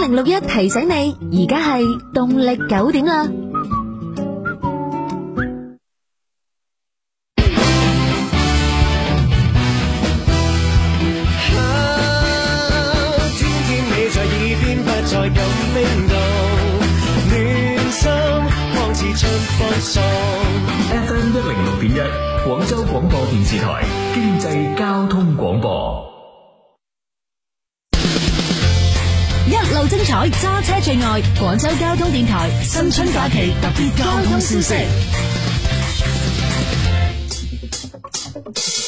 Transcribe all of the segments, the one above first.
零六一提醒你，而家係動力九點啦。廣州交通電台新春假期特別交通消息。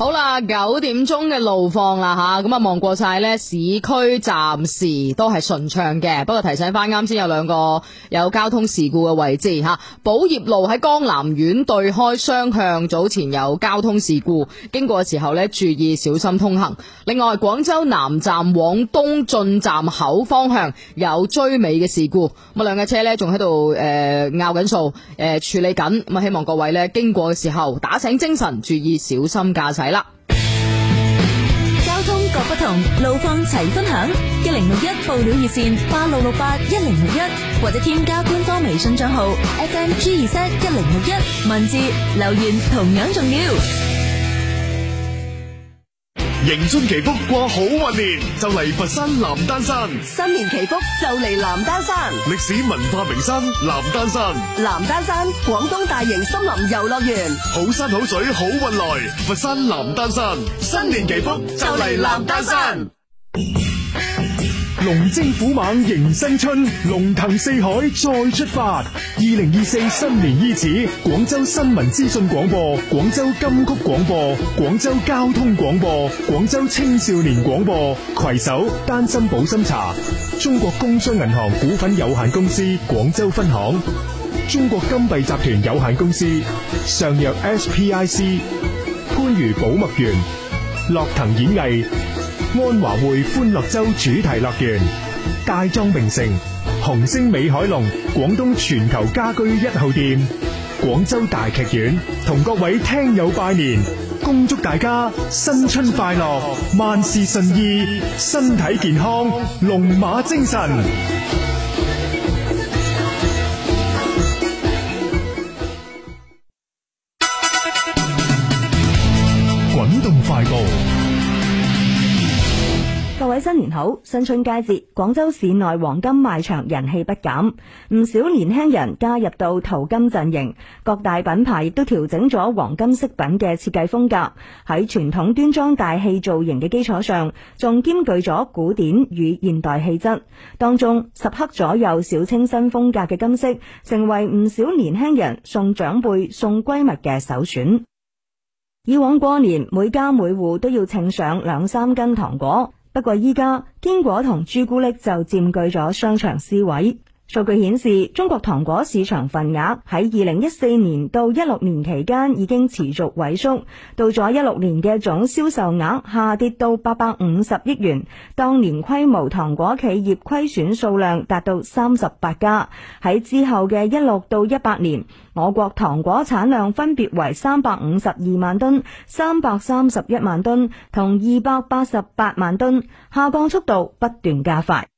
好啦，九點鐘嘅路況啦吓，咁啊望過晒咧，市區暫時都係順暢嘅。不過提醒翻，啱先有兩個有交通事故嘅位置吓，寶業路喺江南苑對開雙向早前有交通事故，經過嘅時候咧注意小心通行。另外，廣州南站往東進站口方向有追尾嘅事故，咁兩架車咧仲喺度誒拗緊數，誒、呃呃、處理緊。咁啊希望各位咧經過嘅時候打醒精神，注意小心駕駛。交通各不同，路況齊分享。一零六一報料熱線八六六八一零六一，61，或者添加官方微信賬號 FMG 二七一零六一，FM、61，文字留言同樣重要。迎春祈福過好運年，就嚟佛山南丹山。新年祈福就嚟南丹山，歷史文化名山南丹山，南丹山廣東大型森林遊樂園，好山好水好運來，佛山南丹山，新年祈福 就嚟南丹山。 龍精虎猛，猛迎新春，龍騰四海再出發。二零二四新年伊始，廣州新聞資訊廣播、廣州金曲廣播、廣州交通廣播、廣州青少年廣播携手丹心保心茶、中國工商銀行股份有限公司廣州分行、中國金幣集團有限公司、上藥 SPIC、番禺寶墨園、樂騰演藝。安華匯歡樂周主題樂園、大莊名城、紅星美凱龍、廣東全球家居一號店、廣州大劇院，同各位聽友拜年，恭祝大家新春快樂，萬事順意，身體健康，龍馬精神。新年好，新春佳節，廣州市內黃金賣場人氣不減，唔少年輕人加入到淘金陣營。各大品牌亦都調整咗黃金飾品嘅設計風格，喺傳統端莊大氣造型嘅基礎上，仲兼具咗古典與現代氣質。當中十克左右小清新風格嘅金色，成為唔少年輕人送長輩、送閨蜜嘅首選。以往過年每家每戶都要稱上兩三斤糖果。不過依家堅果同朱古力就佔據咗商場 C 位。數據顯示，中國糖果市場份額喺二零一四年到一六年期間已經持續萎縮，到咗一六年嘅總銷售額下跌到八百五十億元。當年規模糖果企業虧損數量達到三十八家。喺之後嘅一六到一八年，我國糖果產量分別為三百五十二萬噸、三百三十一萬噸同二百八十八萬噸，下降速度不斷加快。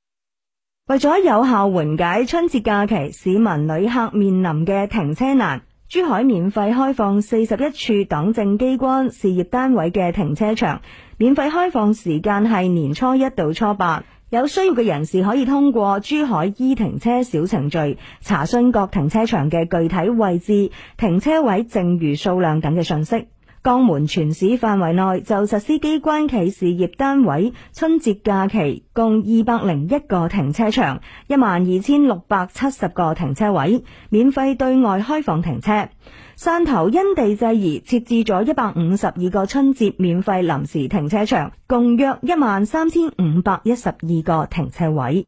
為咗有效緩解春節假期市民旅客面臨嘅停車難，珠海免費開放四十一處黨政機關事業單位嘅停車場。免費開放時間係年初一到初八，有需要嘅人士可以通過珠海 e 停車小程序查詢各停車場嘅具體位置、停車位剩餘數量等嘅信息。江門全市範圍內就實施機關企事業單位春節假期，共二百零一個停車場，一萬二千六百七十個停車位，免費對外開放停車。汕頭因地制宜設置咗一百五十二個春節免費臨時停車場，共約一萬三千五百一十二個停車位。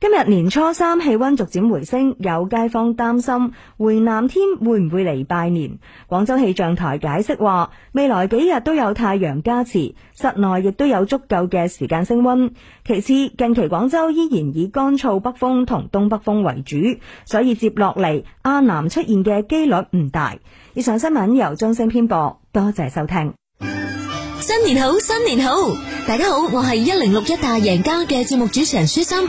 今日年初三，氣温逐漸回升，有街坊擔心回南天會唔會嚟拜年。廣州氣象台解釋話，未來幾日都有太陽加持，室內亦都有足夠嘅時間升温。其次，近期廣州依然以乾燥北風同東北風為主，所以接落嚟亞南出現嘅機率唔大。以上新聞由中星編播，多謝收聽。新年好，新年好，大家好，我係一零六一大贏家嘅節目主持人舒心。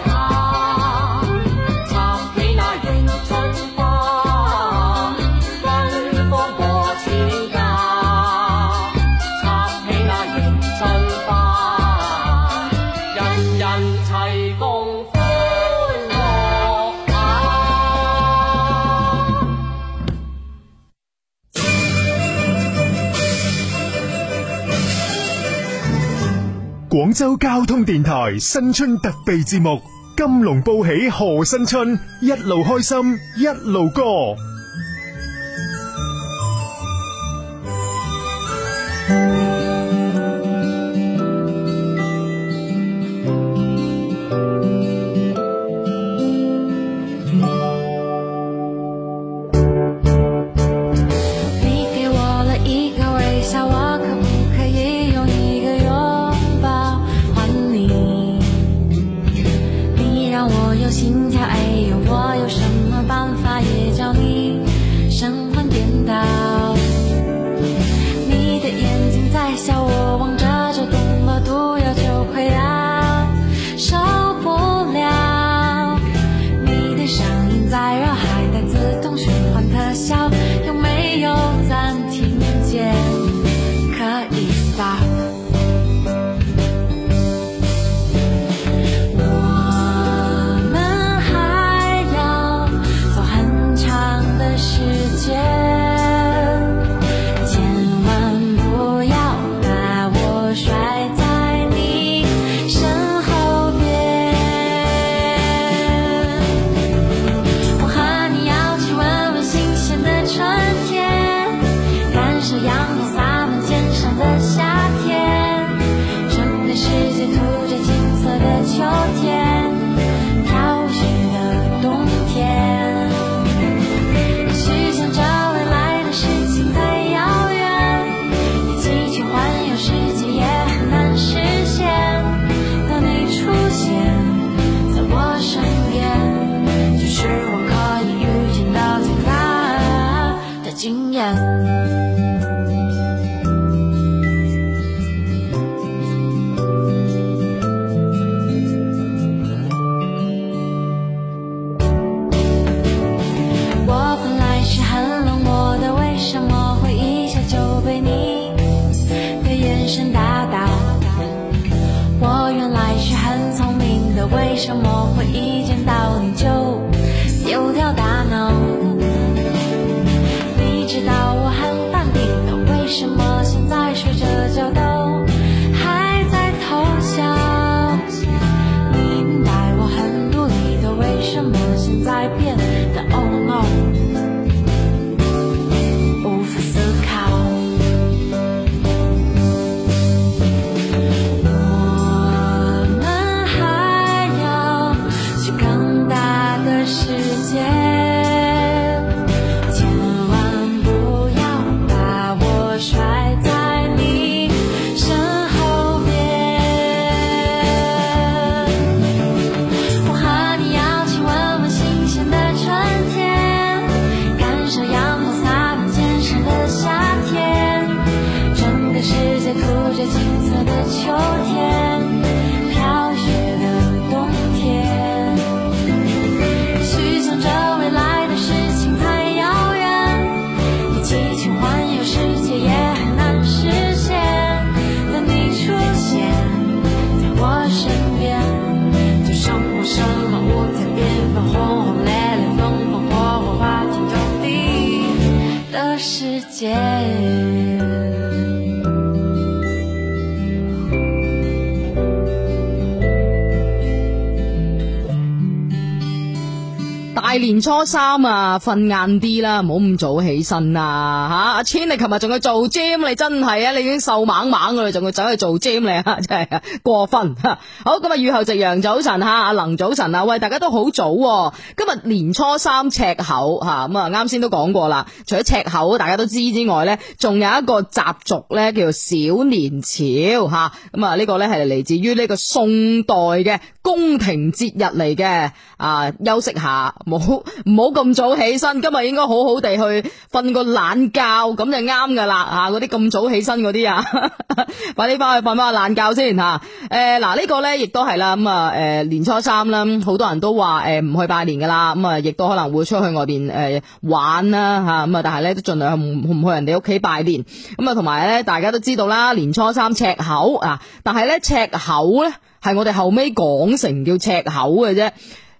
廣州交通電台新春特備節目《金龍報喜賀新春》，一路開心，一路歌。 .係年初三啊，瞓晏啲啦，唔好咁早起身啊！吓、啊，阿千，你琴日仲去做 gym 你真係啊！你已經瘦猛猛㗎喇，仲要走去做 gym 你，啊，真係過分！好，咁啊，雨後夕陽，早晨吓，阿能早晨啊，喂，大家都好早、啊，今日年初三赤口吓，咁啊，啱先都講過啦，除咗赤口大家都知之外咧，仲有一個習俗咧，叫做小年朝吓，咁啊，這個、呢個咧係嚟自於呢個宋代嘅宮廷節日嚟嘅，啊，休息下冇。唔好咁早起身，今日應該好好地去瞓個懶覺，咁就啱噶啦。吓、啊，嗰啲咁早起身嗰啲啊，快啲翻去瞓翻個懶覺先吓。誒，嗱呢個呢亦都係啦，咁啊，誒、呃、年初三啦，好多人都話誒唔去拜年噶啦，咁啊亦都可能會出去外邊誒玩啦吓，咁啊但係呢，都盡量唔去人哋屋企拜年。咁啊同埋呢，大家都知道啦，年初三赤口啊，但係呢，赤口呢，係我哋後尾講成叫赤口嘅啫。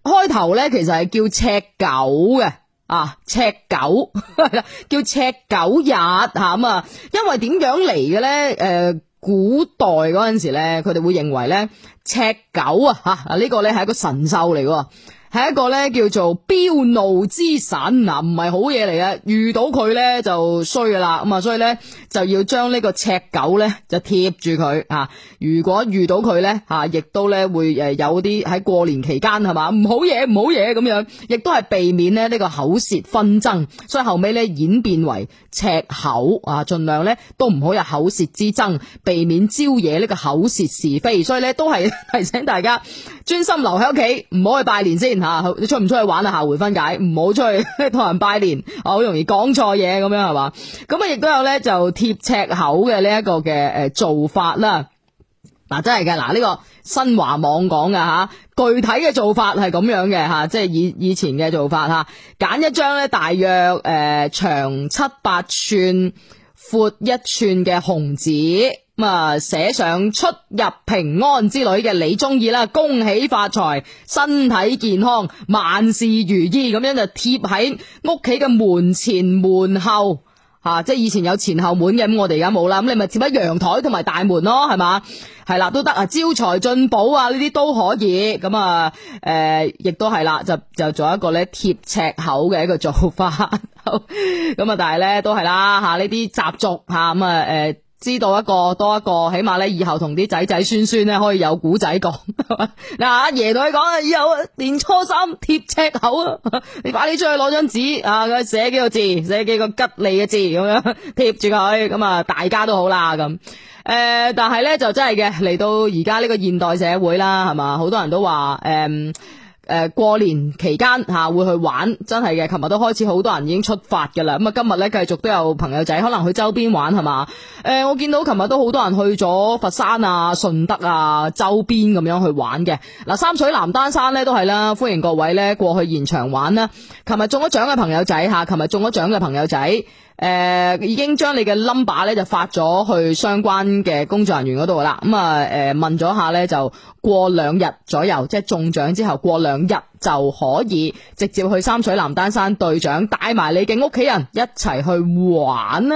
開頭咧其實係叫赤狗嘅啊，赤狗 叫赤狗日吓咁啊，因為點樣嚟嘅咧？誒、呃，古代嗰陣時咧，佢哋會認為咧赤狗啊吓啊，啊、這個、呢個咧係一個神獸嚟嘅。係一個咧叫做熛怒之神嗱，唔係好嘢嚟嘅。遇到佢咧就衰噶啦，咁啊，所以咧就要將呢個赤狗咧就貼住佢啊。如果遇到佢咧吓，亦都啊咧會誒有啲喺過年期間係嘛唔好嘢，唔好嘢咁樣，亦都係避免咧呢個口舌紛爭。所以後尾咧演變為赤口啊，盡量咧都唔好有口舌之爭，避免招惹呢個口舌是非。所以咧都係提醒大家專心留喺屋企，唔好去拜年先。啊！你出唔出去玩啊？下回分解，唔好出去同 人拜年，好、啊、容易講錯嘢咁樣係嘛？咁啊，亦都有咧就貼赤口嘅呢一個嘅誒做法啦。嗱、啊，真係嘅嗱，呢個新華網講嘅吓，具體嘅做法係咁樣嘅吓、啊，即係以以前嘅做法吓，揀、啊、一張咧大約誒、呃、長七八寸、闊一寸嘅紅紙。咁啊，寫上出入平安之類嘅，你中意啦！恭喜發財，身體健康，萬事如意，咁樣就貼喺屋企嘅門前門後吓、啊，即係以前有前後門嘅，咁我哋而家冇啦。咁你咪貼喺陽台同埋大門咯，係嘛？係啦，都得啊！招財進寶啊，呢啲都可以。咁啊，誒、呃，亦都係啦，就就做一個咧貼赤口嘅一個做法。咁 啊，但係咧都係啦吓，呢啲習俗吓，咁啊，誒、呃。知道一個多一個，起碼咧以後同啲仔仔孫孫咧可以有古仔講、 啊。嗱，阿爺同佢講啊，以後年初三貼赤口啊，啊，你快啲出去攞張紙啊，佢寫幾個字，寫幾個吉利嘅字咁樣貼住佢，咁啊大家都好啦咁。誒、啊，但係咧就真係嘅，嚟到而家呢個現代社會啦，係嘛？好多人都話誒。嗯誒、呃，過年期間吓、啊、會去玩，真係嘅。琴日都開始好多人已經出發噶啦，咁啊今日咧繼續都有朋友仔可能去周邊玩係嘛？誒、呃，我見到琴日都好多人去咗佛山啊、順德啊周邊咁樣去玩嘅。嗱、啊，三水南丹山咧都係啦，歡迎各位咧過去現場玩啦。琴日中咗獎嘅朋友仔吓，琴日中咗獎嘅朋友仔。啊誒、嗯，已經將你嘅 number 咧就發咗去相關嘅工作人員嗰度啦。咁、嗯、啊，誒、嗯、問咗下呢，就過兩日左右，即係中獎之後過兩日就可以直接去三水南丹山兌獎，帶埋你嘅屋企人一齊去玩啦。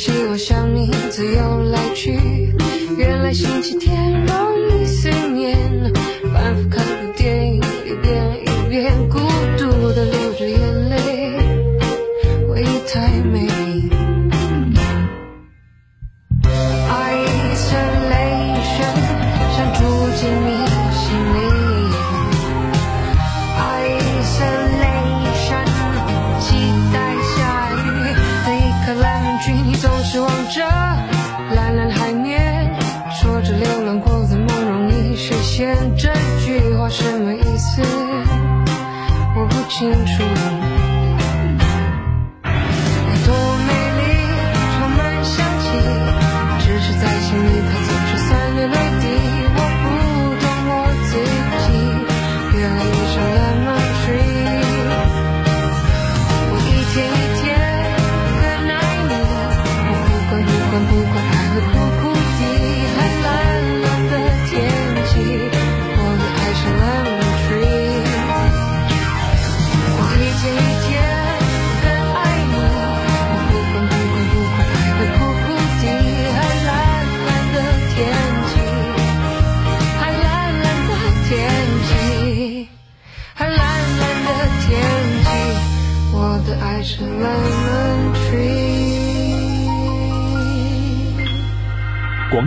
希望像你自由來去，原來星期天容易。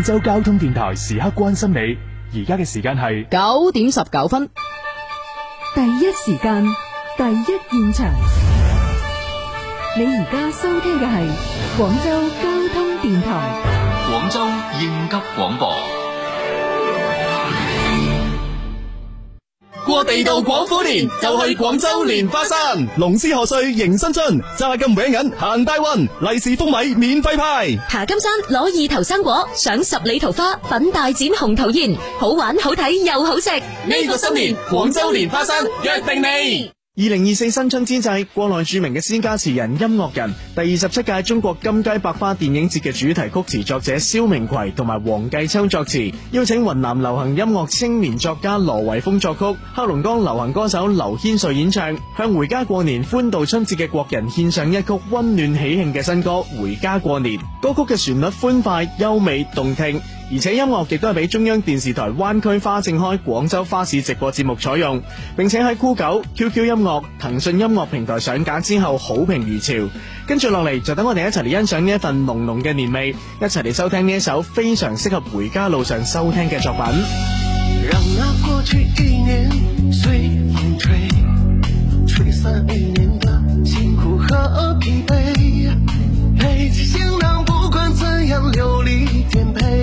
州交通電台時刻關心你，而家嘅時間係九點十九分，第一時間，第一現場，你而家收聽嘅係廣州交通電台，廣州應急廣播。我地道廣府年就係廣州蓮花山，龍獅賀歲迎新春，揸金搲銀行大運，利是封禮免費派，霞金山攞意頭生果，賞十里桃花，品大展紅桃宴，好玩好睇又好食，呢個新年廣州蓮花山約定你。二零二四新春之際，國內著名嘅詩家、詞人、音樂人，第二十七屆中國金雞百花電影節嘅主題曲詞作者蕭明葵同埋黃繼秋作詞，邀請雲南流行音樂青年作家羅維峰作曲，黑龍江流行歌手劉謙瑞，瑞演唱，向回家過年、歡度春節嘅國人獻上一曲溫暖喜慶嘅新歌《回家過年》。歌曲嘅旋律歡快、優美、動聽。而且音樂亦都係俾中央電視台灣區花正開、廣州花市直播節目採用，並且喺酷狗、QQ 音樂、騰訊音樂平台上架之後，好評如潮。跟住落嚟就等我哋一齊嚟欣賞呢一份濃濃嘅年味，一齊嚟收聽呢一首非常適合回家路上收聽嘅作品。讓那、啊、過去一年隨風吹，吹散一年的辛苦和疲憊，背起行囊，不管怎樣流離顛沛。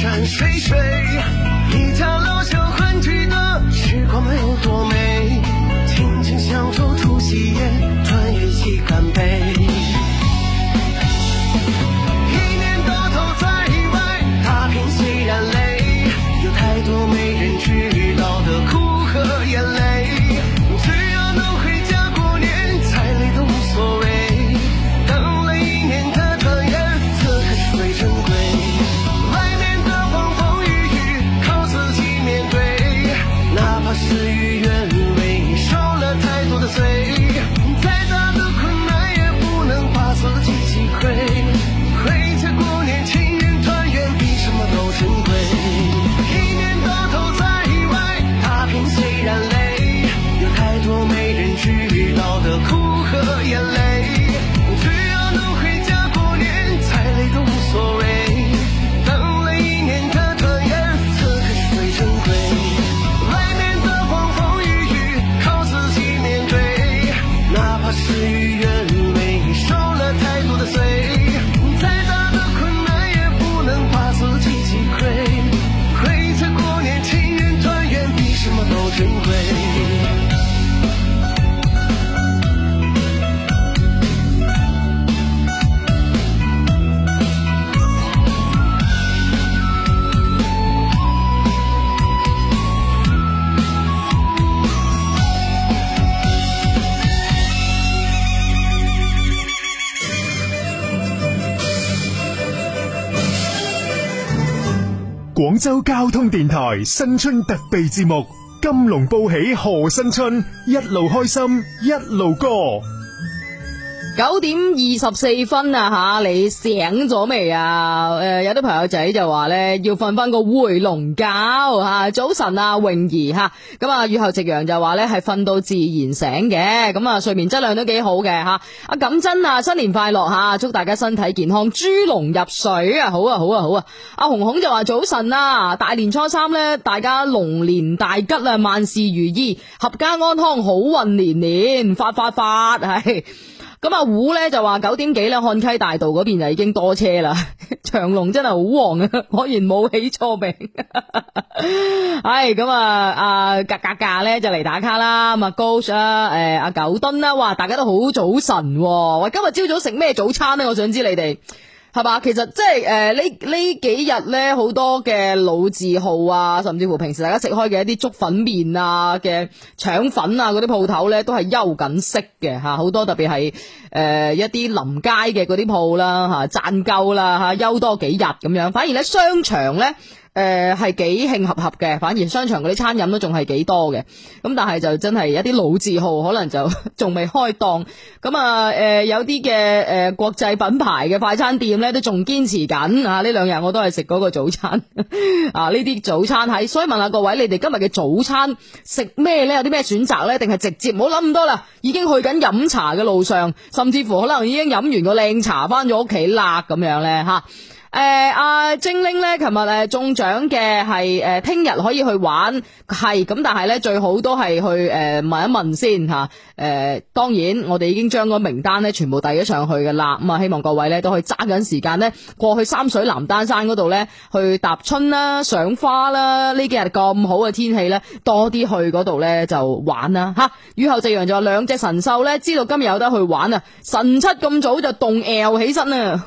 山水水，一家老小歡聚的時光有多美？廣州交通電台新春特備節目《金龍報喜賀新春》，一路開心一路歌。九點二十四分啊！吓，你醒咗未啊？誒、呃，有啲朋友仔就話呢，要瞓翻個回籠覺吓、啊。早晨啊，穎兒吓咁啊，雨、啊、後夕陽就話呢，係瞓到自然醒嘅，咁啊睡眠質量都幾好嘅吓。阿、啊、錦珍啊，新年快樂吓、啊，祝大家身體健康，豬籠入水啊！好啊，好啊，好啊！阿紅紅就話早晨啊，大年初三呢，大家龍年大吉啦，萬事如意，合家安康，好運年年，年發發發係。哎咁阿胡咧就話九點幾咧，漢溪大道嗰邊就已經多車啦，長隆真係好旺啊！果然冇起錯名。唉、 哎，咁、嗯、啊，阿格格價咧就嚟打卡啦。咁啊，啊，高 Sir，誒，阿九噸啦、啊，哇，大家都好早晨、啊，喂，今日朝早食咩早餐咧？我想知你哋。係嘛？其實即係誒呢呢幾日呢，好多嘅老字號啊，甚至乎平時大家食開嘅一啲粥粉麵啊嘅腸粉啊嗰啲鋪頭呢，都係休緊息嘅嚇，好多特別係誒一啲臨街嘅嗰啲鋪啦嚇，賺夠啦嚇，休多幾日咁樣。反而呢，商場呢。誒係、呃、幾慶合合嘅，反而商場嗰啲餐飲都仲係幾多嘅。咁但係就真係一啲老字號可能就仲未 開檔，咁啊誒有啲嘅誒國際品牌嘅快餐店呢，都仲堅持緊啊！呢兩日我都係食嗰個早餐 啊！呢啲早餐喺，所以問下各位，你哋今日嘅早餐食咩呢？有啲咩選擇呢？定係直接唔好諗咁多啦，已經去緊飲茶嘅路上，甚至乎可能已經飲完個靚茶翻咗屋企啦咁樣呢。嚇、啊。啊。誒，阿、啊、精靈咧，琴日誒中獎嘅係誒、聽、啊、日可以去玩，係咁，但係咧最好都係去誒、呃、問一問先吓。誒、啊，當然我哋已經將嗰名單咧全部遞咗上去㗎啦。咁啊，希望各位咧都可以揸緊時間咧，過去三水南丹山嗰度咧去踏春啦、賞花啦。幾呢幾日咁好嘅天氣咧，多啲去嗰度咧就玩啦吓、啊。雨後夕陽就有兩隻神獸咧，知道今日有得去玩啊，神七咁早就動 L 起身啊！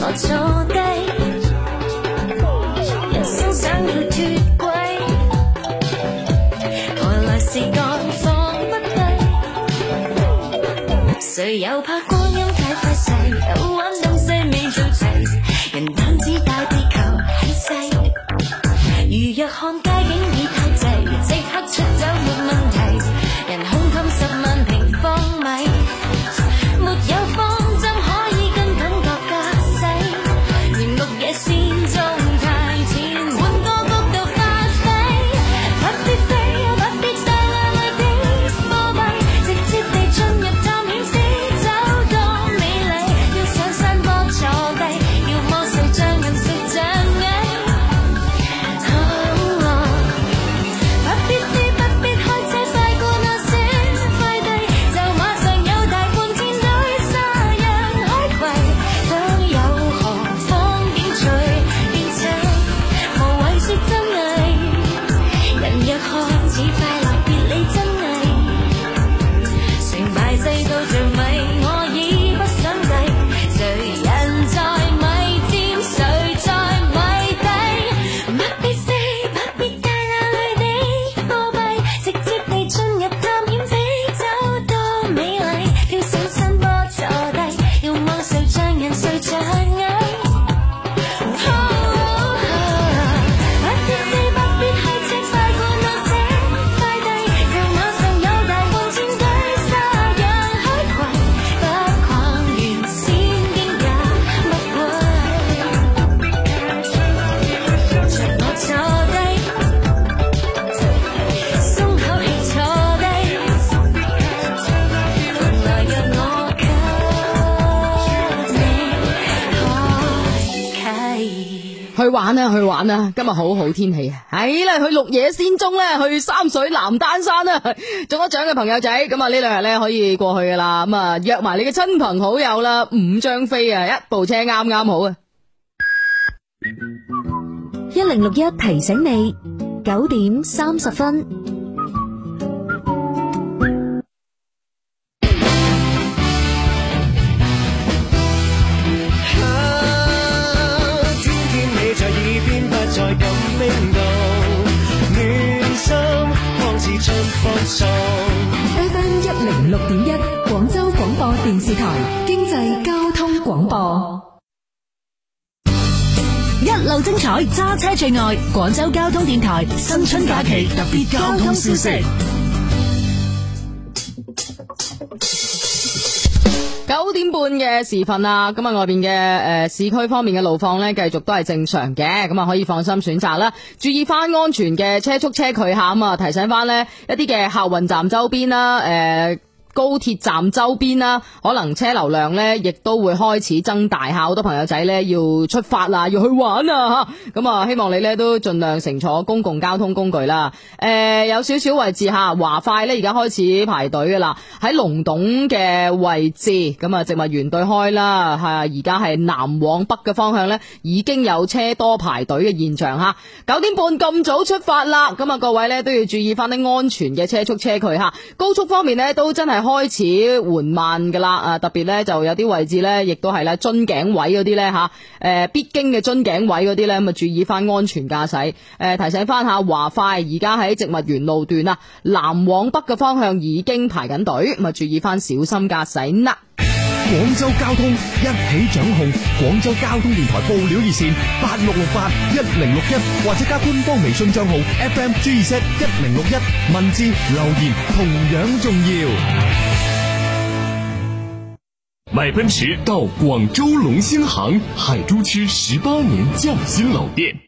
我坐低，人生想要脫軌，何來是覺放不低？誰又怕光陰太快逝？去玩啊，去玩啊！今日好好天氣啊，係啦，去綠野仙蹤咧，去三水南丹山啦！中咗獎嘅朋友仔，咁啊呢兩日咧可以過去噶啦，咁啊約埋你嘅親朋好友啦，五張飛啊，一部車啱啱好啊！一零六一提醒你，九點三十分。揸車最愛廣州交通電台新春假期特別交通消息。九點半嘅時分啊，咁啊，外邊嘅誒市區方面嘅路況呢，繼續都係正常嘅，咁啊可以放心選擇啦。注意翻安全嘅車速車距，下咁啊提醒翻呢一啲嘅客運站周邊啦，誒、呃。高鐵站周邊啦，可能車流量咧，亦都會開始增大吓。好多朋友仔咧要出發啦，要去玩啊吓。咁啊，希望你咧都盡量乘坐公共交通工具啦。誒、呃，有少少位置吓，華快咧而家開始排隊嘅啦。喺龍洞嘅位置，咁啊植物園對開啦，係而家係南往北嘅方向咧，已經有車多排隊嘅現象吓。九點半咁早出發啦，咁啊各位咧都要注意翻啲安全嘅車速車距吓。高速方面咧都真係。開始緩慢嘅啦，啊，特別呢就有啲位置呢，亦都係咧樽頸位嗰啲呢。吓，誒，必經嘅樽頸位嗰啲咧，咪注意翻安全駕駛，誒、啊，提醒翻下華快而家喺植物園路段啊，南往北嘅方向已經排緊隊，咪注意翻小心駕駛啦。廣州交通一起掌控，廣州交通電台報料熱線八六六八一零六一，8 8 61, 或者加官方微信賬號 FM GZ 一零六一，61, 文字留言同樣重要。買奔馳到廣州龍興行，海珠區十八年匠心老店。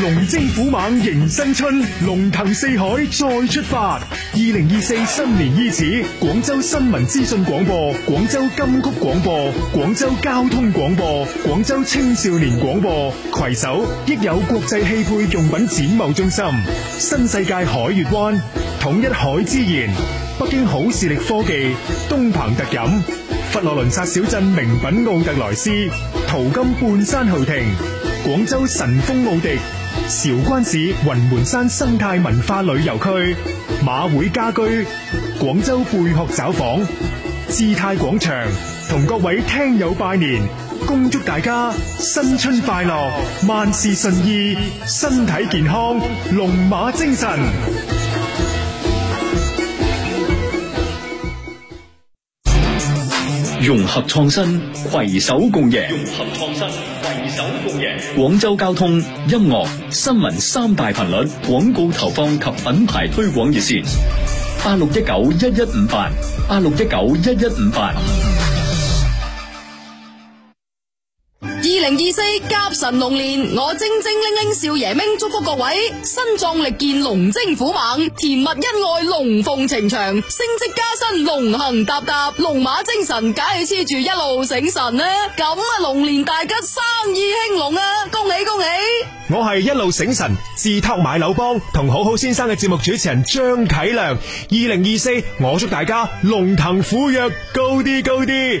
龍精虎猛，猛迎新春，龍騰四海再出發。二零二四新年伊始，廣州新聞資訊廣播、廣州金曲廣播、廣州交通廣播、廣州青少年廣播攜手，益有國際汽配用品展貿中心、新世界海月灣、統一海之言、北京好視力科技、東鵬特飲、佛羅倫薩小鎮、名品奧特萊斯、淘金半山豪庭、廣州神風奧迪。韶關市雲門山生態文化旅遊區、馬會家居、廣州貝殼找房、姿泰廣場，同各位聽友拜年，恭祝大家新春快樂，萬事順意，身體健康，龍馬精神，融合創新，携手共贏，融合創新。廣州交通、音樂、新聞三大頻率廣告投放及品牌推廣熱線：八六一九一一五八，八六一九一一五八。四甲辰龍年，我精精拎拎少爺咪，祝福各位身壯力健，龍精虎猛，甜蜜恩愛，龍鳳呈祥，升職加薪，龍行踏踏，龍馬精神，假期黐住一路醒神呢！咁啊，龍年大吉，生意興隆啊！恭喜恭喜！我係一路醒神，志拓買樓幫同好好先生嘅節目主持人張啟良。二零二四，我祝大家龍騰虎躍，高啲高啲！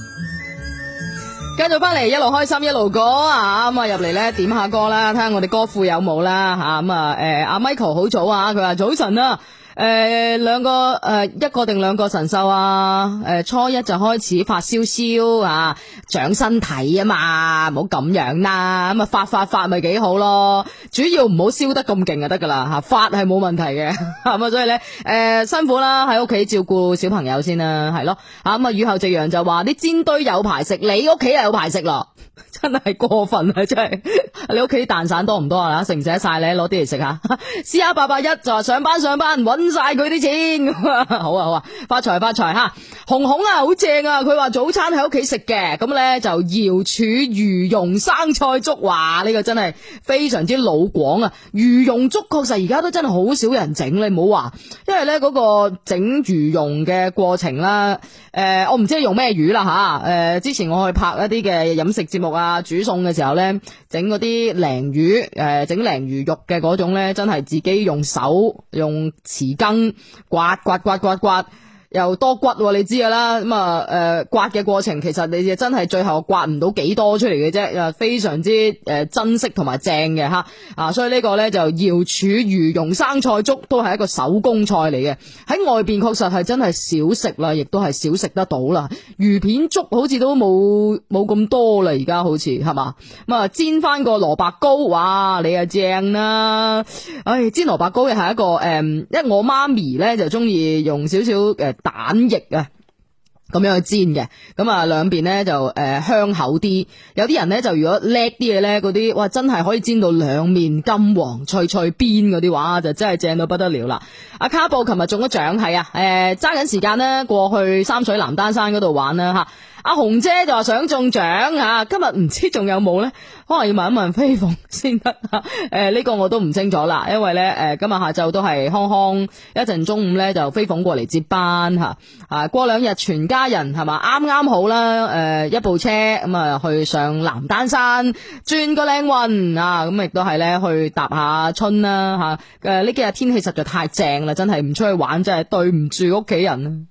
繼續翻嚟，一路開心一路歌啊！咁啊，入嚟咧點下歌啦，睇下我哋歌庫有冇啦吓咁啊！誒、啊，阿 Michael 好早啊，佢話早晨啊。誒，兩個誒、呃，一個定兩個神獸啊！誒、呃，初一就開始發燒燒啊，長身體啊嘛，唔好咁樣啦、啊，咁啊發發發咪幾好咯，主要唔好燒得咁勁就得噶啦吓，發係冇問題嘅，咁啊所以咧，誒、呃、辛苦啦，喺屋企照顧小朋友先啦，係咯，吓咁啊雨、啊、後夕陽就話啲煎堆有排食，你屋企又有排食咯，真係過分啊真係，你屋企蛋散多唔多啊？食唔食得晒你攞啲嚟食吓，C R 八八一就話上班上班搵。晒佢啲錢， 好啊好啊，發財發財哈！紅紅啊，好正啊！佢話早餐喺屋企食嘅，咁呢就瑤柱魚蓉生菜粥哇！呢、呢個真係非常之老廣啊！魚蓉粥確實而家都真係好少人整，你唔好話，因為呢嗰個整魚蓉嘅過程啦，誒、呃，我唔知係用咩魚啦吓。誒、呃，之前我去拍一啲嘅飲食節目啊，煮餸嘅時候呢，整嗰啲鯪魚誒，整、呃、鯪魚肉嘅嗰種呢，真係自己用手用更刮刮刮刮刮、刮。又多骨、啊，你知噶啦，咁、嗯、啊，誒、呃，刮嘅過程其實你真係最後刮唔到幾多出嚟嘅啫，又、呃、非常之誒、呃、珍惜同埋正嘅吓，啊，所以呢個呢，就瑤柱魚蓉、生菜粥都係一個手工菜嚟嘅，喺外邊確實係真係少食啦，亦都係少食得到啦，魚片粥好似都冇冇咁多啦，而家好似係嘛？咁、嗯、啊煎翻個蘿蔔糕，哇，你又正啦，唉，煎蘿蔔糕又係一個誒、嗯，因為我媽咪呢就中意用少少誒。呃蛋液啊，咁樣去煎嘅，咁啊兩邊呢就誒、呃、香口啲，有啲人呢就如果叻啲嘢呢，嗰啲哇真係可以煎到兩面金黃脆脆邊嗰啲話就真係正到不得了啦！阿卡布琴日中咗獎係啊，誒揸緊時間呢，過去三水南丹山嗰度玩啦吓。阿紅、啊、姐就話想中獎吓、啊，今日唔知仲有冇呢？可能要問一問飛鳳先得吓。誒、啊、呢、呃這個我都唔清楚啦，因為呢，誒、呃、今日下晝都係康康一陣中午呢就飛鳳過嚟接班吓，啊，啊過兩日全家人係嘛，啱啱好啦，誒、啊、一部車咁啊、嗯、去上南丹山轉個靚運啊，咁亦都係呢去搭下春啦吓。誒、啊、呢、啊、幾日天氣實在太正啦，真係唔出去玩真係對唔住屋企人啊！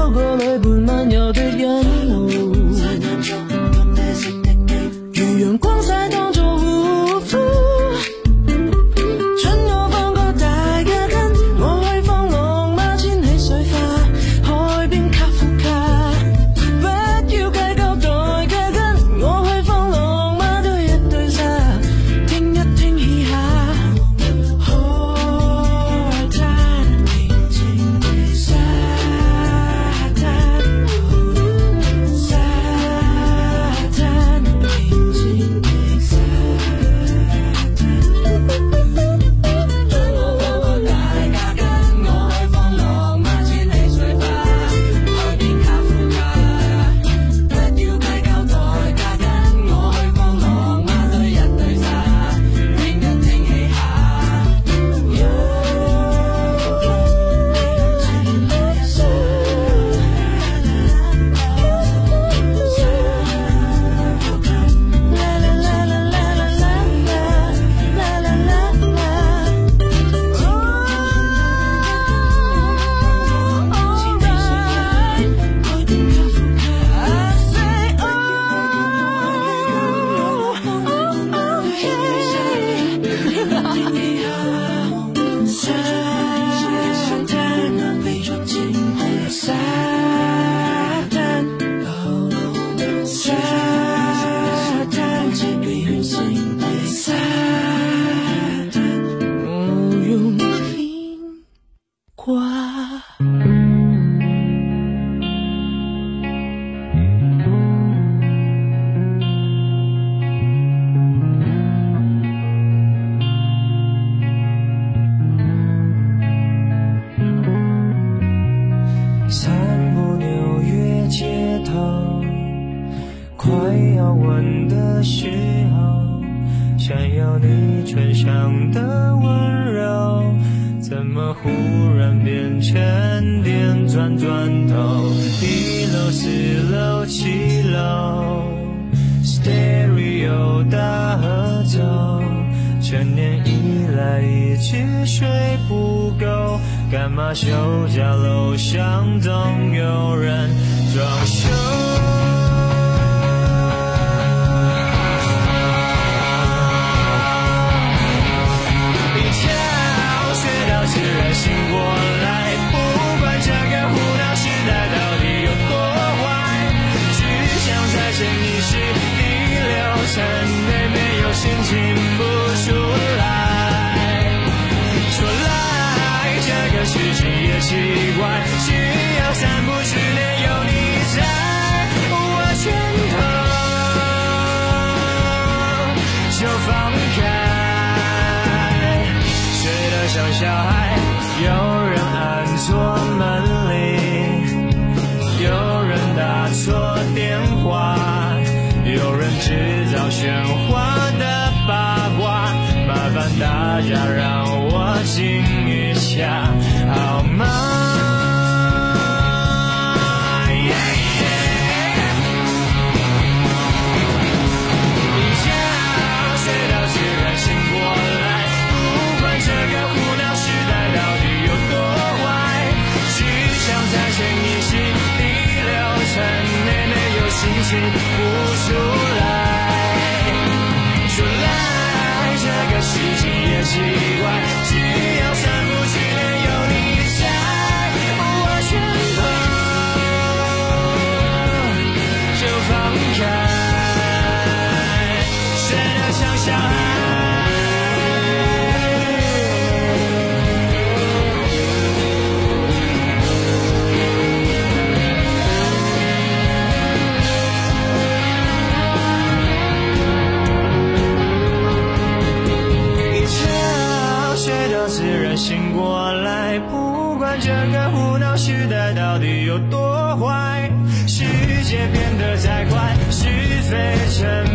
有多壞？世界變得太快，是非成。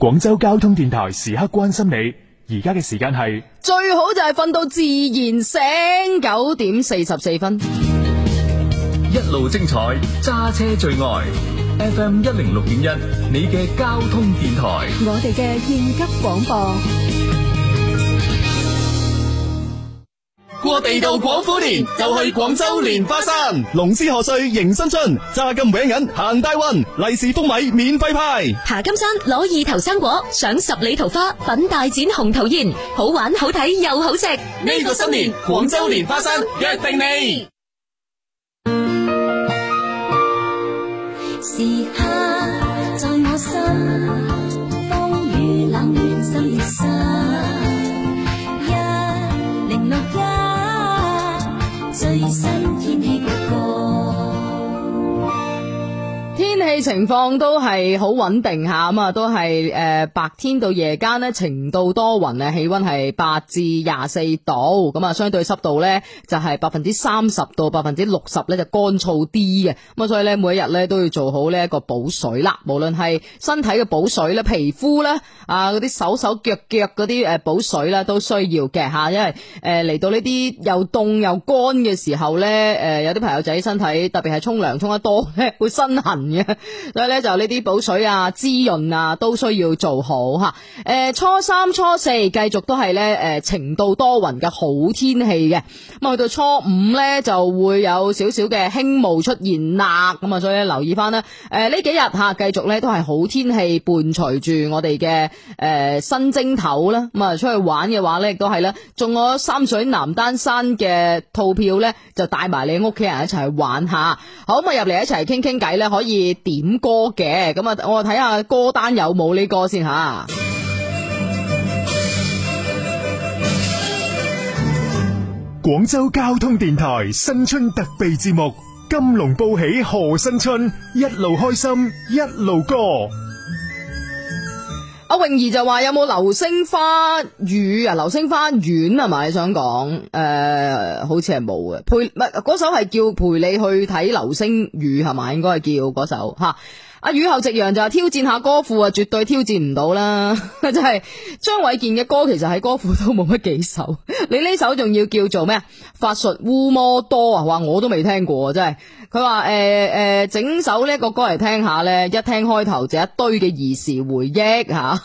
廣州交通電台時刻關心你，而家嘅時間係最好就係瞓到自然醒，九點四十四分，一路精彩，揸車最愛 FM 一零六點一，你嘅交通電台，我哋嘅應急廣播。個地道廣府年就去廣州蓮花山，龍獅賀歲迎新春，揸金餅，銀行大運，利是封米免費派，爬金山攞二頭生果，賞十里桃花品大展紅桃宴，好玩好睇，又好食，呢個新年廣州蓮花山約定你。是。情況都係好穩定下咁啊，都係誒白天到夜間呢晴到多雲咧，氣温係八至廿四度咁啊，相對濕度呢，就係百分之三十到百分之六十呢就乾燥啲嘅咁啊，所以呢，每一日呢都要做好呢一個補水啦，無論係身體嘅補水咧、皮膚咧啊嗰啲手手腳腳嗰啲誒補水啦都需要嘅吓，因為誒嚟到呢啲又凍又乾嘅時候呢，誒有啲朋友仔身體特別係沖涼沖得多咧會身痕嘅。所以咧，就呢啲補水啊、滋潤啊都需要做好吓。誒、呃，初三、初四繼續都係咧誒晴到多雲嘅好天氣嘅。咁、嗯、啊，去到初五咧就會有少少嘅輕霧出現啦。咁、嗯、啊，所以留意翻咧。誒、呃、呢幾日吓，繼續咧都係好天氣伴隨住我哋嘅誒新正頭啦。咁、嗯、啊，出去玩嘅話咧，亦都係咧，中咗三水南丹山嘅套票咧，就帶埋你屋企人一齊去玩下。好，咁啊入嚟一齊傾傾偈咧，可以點。點歌嘅，咁啊，我睇下歌單有冇呢個先吓。廣州交通電台新春特備節目《金龍報喜賀新春》，一路開心一路歌。阿泳兒就話有冇流星花雨啊？流星花園係咪？你想講誒、呃，好似係冇嘅，陪唔係嗰首係叫陪你去睇流星雨係咪？應該係叫嗰首吓。阿雨後夕陽就話挑戰下歌庫啊，絕對挑戰唔到啦！真係張偉健嘅歌其實喺歌庫都冇乜幾首， 你呢首仲要叫做咩？法術烏魔多啊，話我都未聽過真係佢話誒誒，整首呢個歌嚟聽下呢，一聽開頭就一堆嘅兒時回憶吓，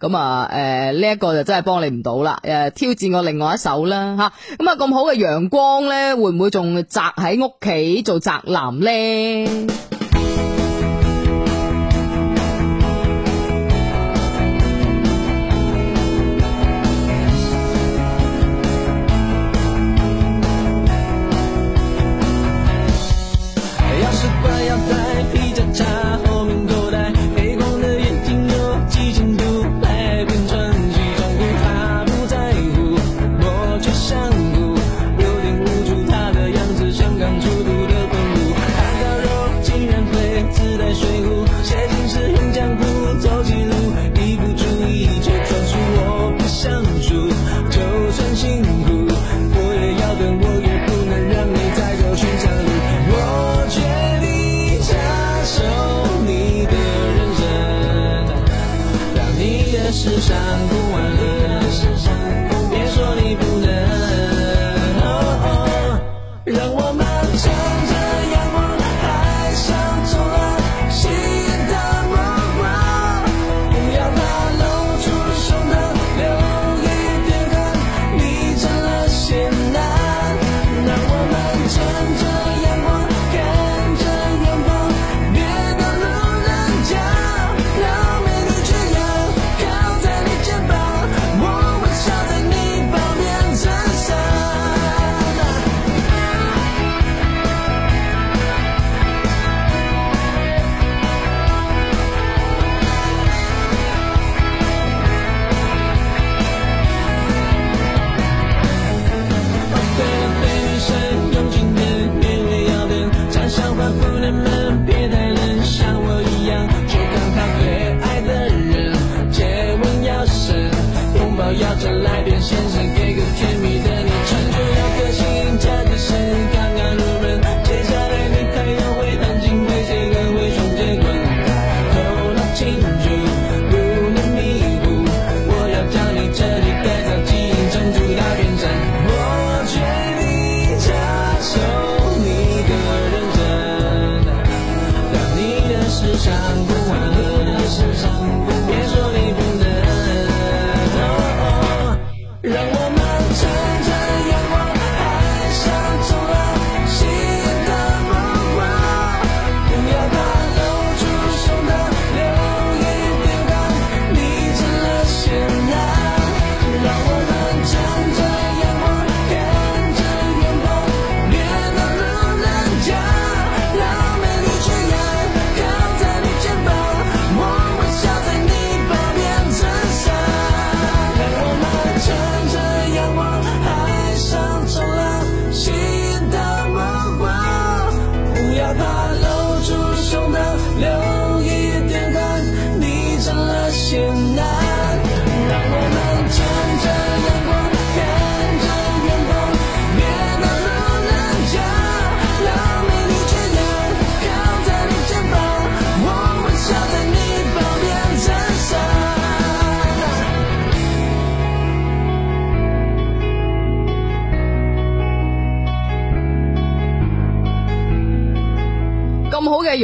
咁啊誒呢一個就真係幫你唔到啦！誒、啊，挑戰我另外一首啦吓，咁啊咁好嘅陽光呢，會唔會仲宅喺屋企做宅男呢？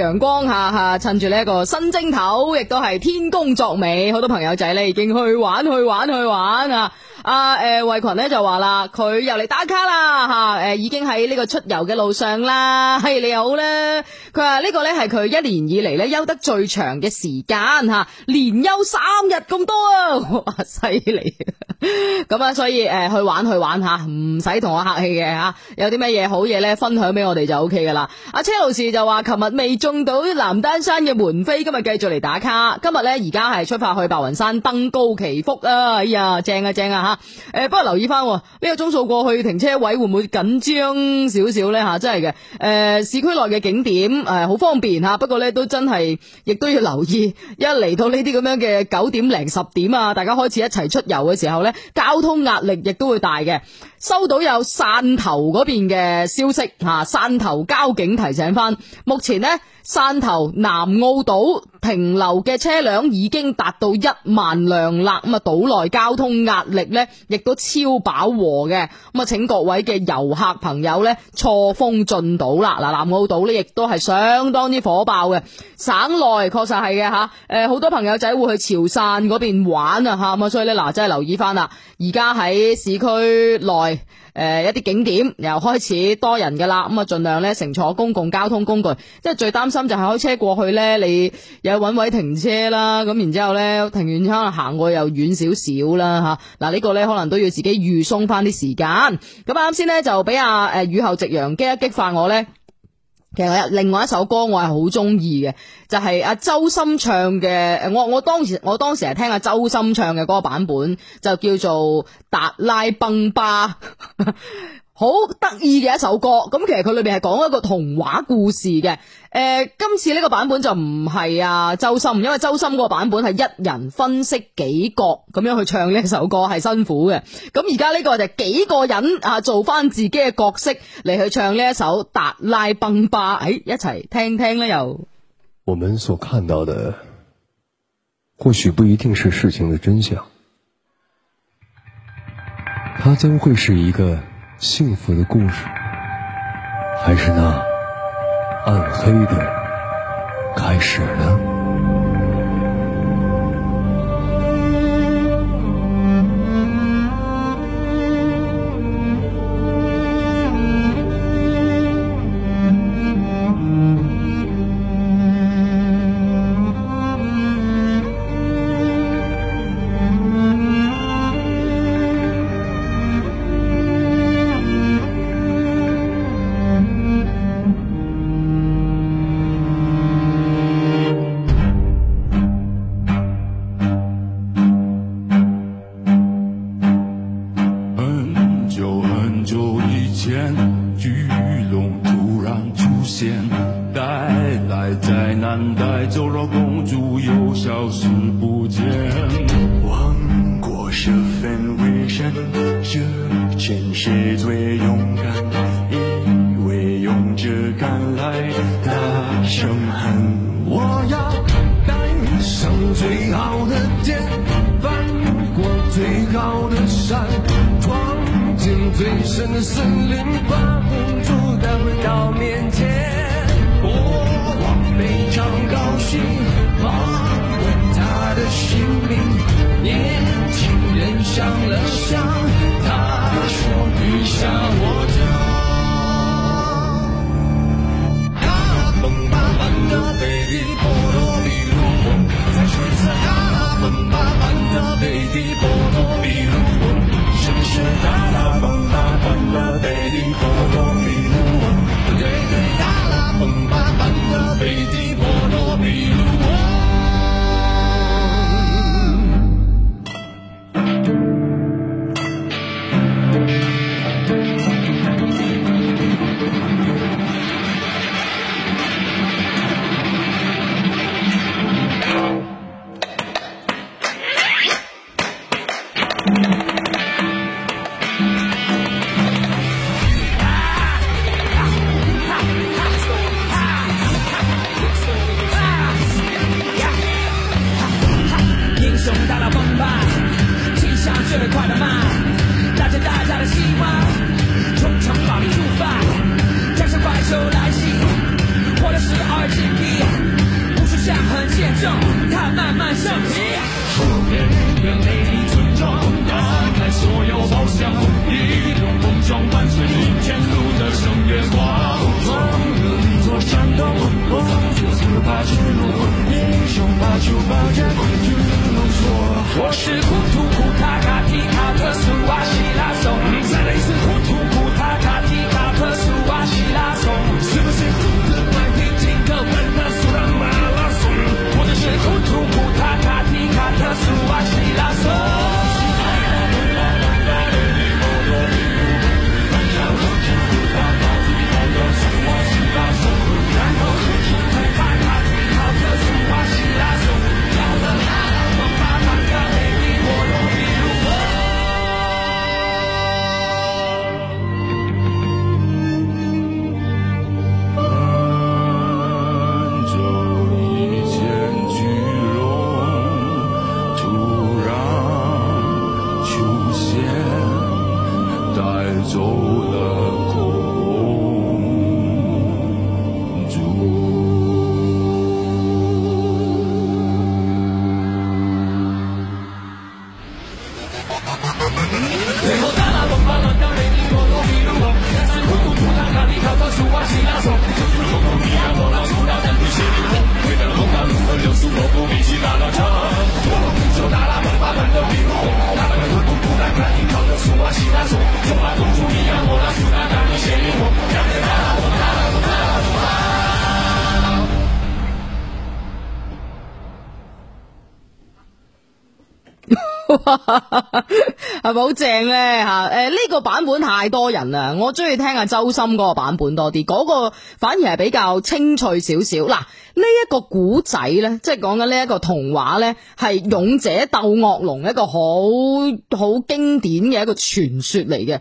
陽光下吓、啊啊，趁住呢一個新正頭，亦都係天公作美，好多朋友仔咧已經去玩去玩去玩啊！阿、呃、誒慧群呢就話啦，佢又嚟打卡啦吓，誒、啊啊、已經喺呢個出遊嘅路上啦，係、哎、你好咧。佢話呢個咧係佢一年以嚟咧休得最長嘅時間吓，連休三日咁多啊！哇，犀利！咁啊， 所以誒、呃、去玩去玩吓，唔使同我客氣嘅吓，有啲咩嘢好嘢咧，分享俾我哋就 O K 噶啦。阿車路士就話，琴日未中到南丹山嘅門飛，今日繼續嚟打卡。今日呢，而家係出發去白雲山登高祈福啊。哎呀，正啊正啊吓！誒、啊，不過留意翻呢、啊這個鐘數過去，停車位會唔會緊張少少呢？吓、啊？真係嘅，誒、啊，市區內嘅景點。誒，好、啊、方便吓、啊，不過呢都真係，亦都要留意。一嚟到呢啲咁樣嘅九點零十點啊，大家開始一齊出遊嘅時候呢，交通壓力亦都會大嘅。收到有汕頭嗰邊嘅消息吓、啊，汕頭交警提醒翻，目前呢。汕頭南澳島停留嘅車輛已經達到一萬輛啦，咁啊島內交通壓力咧亦都超飽和嘅，咁啊請各位嘅遊客朋友咧錯峰進島啦。嗱，南澳島咧亦都係相當之火爆嘅，省內確實係嘅吓，誒好多朋友仔會去潮汕嗰邊玩啊吓，咁啊所以咧嗱真係留意翻啦，而家喺市區內誒一啲景點又開始多人噶啦，咁啊盡量咧乘坐公共交通工具，即係最擔心。就係開車過去呢，你又搵位停車啦，咁然之後咧，停完車可能行過又遠少少啦吓。嗱、這、呢個呢，可能都要自己預鬆翻啲時間。咁啱先呢，就俾阿誒雨後夕陽激一激發我呢。其實我有另外一首歌我係好中意嘅，就係、是、阿、啊、周深唱嘅。我我當時我當時係聽阿周深唱嘅嗰個版本，就叫做《達拉崩巴》。 好得意嘅一首歌，咁、嗯、其實佢裏面係講一個童話故事嘅。誒、呃，今次呢個版本就唔係啊周深，因為周深個版本係一人分析幾角咁樣去唱呢首歌係辛苦嘅。咁而家呢個就幾個人啊做返自己嘅角色嚟去唱呢一首《達拉崩吧》，誒、哎，一齊聽一聽咧又。我們所看到的，或許不一定是事情的真相，它將會是一個。幸福的故事，還是那暗黑的開始呢？係咪好正呢？吓？誒呢個版本太多人啦，我中意聽下周深嗰個版本多啲，嗰個反而係比較清脆少少。嗱，呢一個古仔呢，即係講緊呢一個童話呢，係勇者鬥惡龍一個好好經典嘅一個傳說嚟嘅。誒，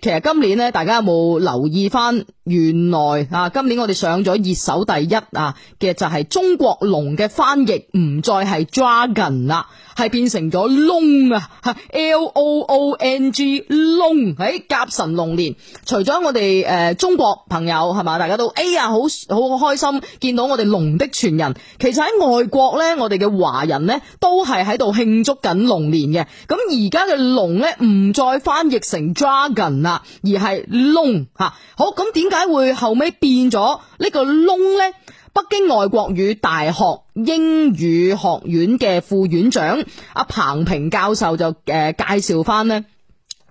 其實今年呢，大家有冇留意翻？原來啊，今年我哋上咗熱搜第一啊嘅就係中國龍嘅翻譯唔再係 dragon 啦。係變成咗 loong 啊，吓 l o o n g long，喺、欸、甲辰龍年，除咗我哋誒、呃、中國朋友係嘛，大家都哎呀、啊、好好開心見到我哋龍的傳人。其實喺外國呢，我哋嘅華人呢，都係喺度慶祝緊龍年嘅。咁而家嘅龍呢，唔再翻譯成 dragon 啦，而係 loong 吓。好，咁點解會後尾變咗呢個 loong 呢？北京外國語大學英語學院嘅副院長阿彭平教授就誒介紹翻咧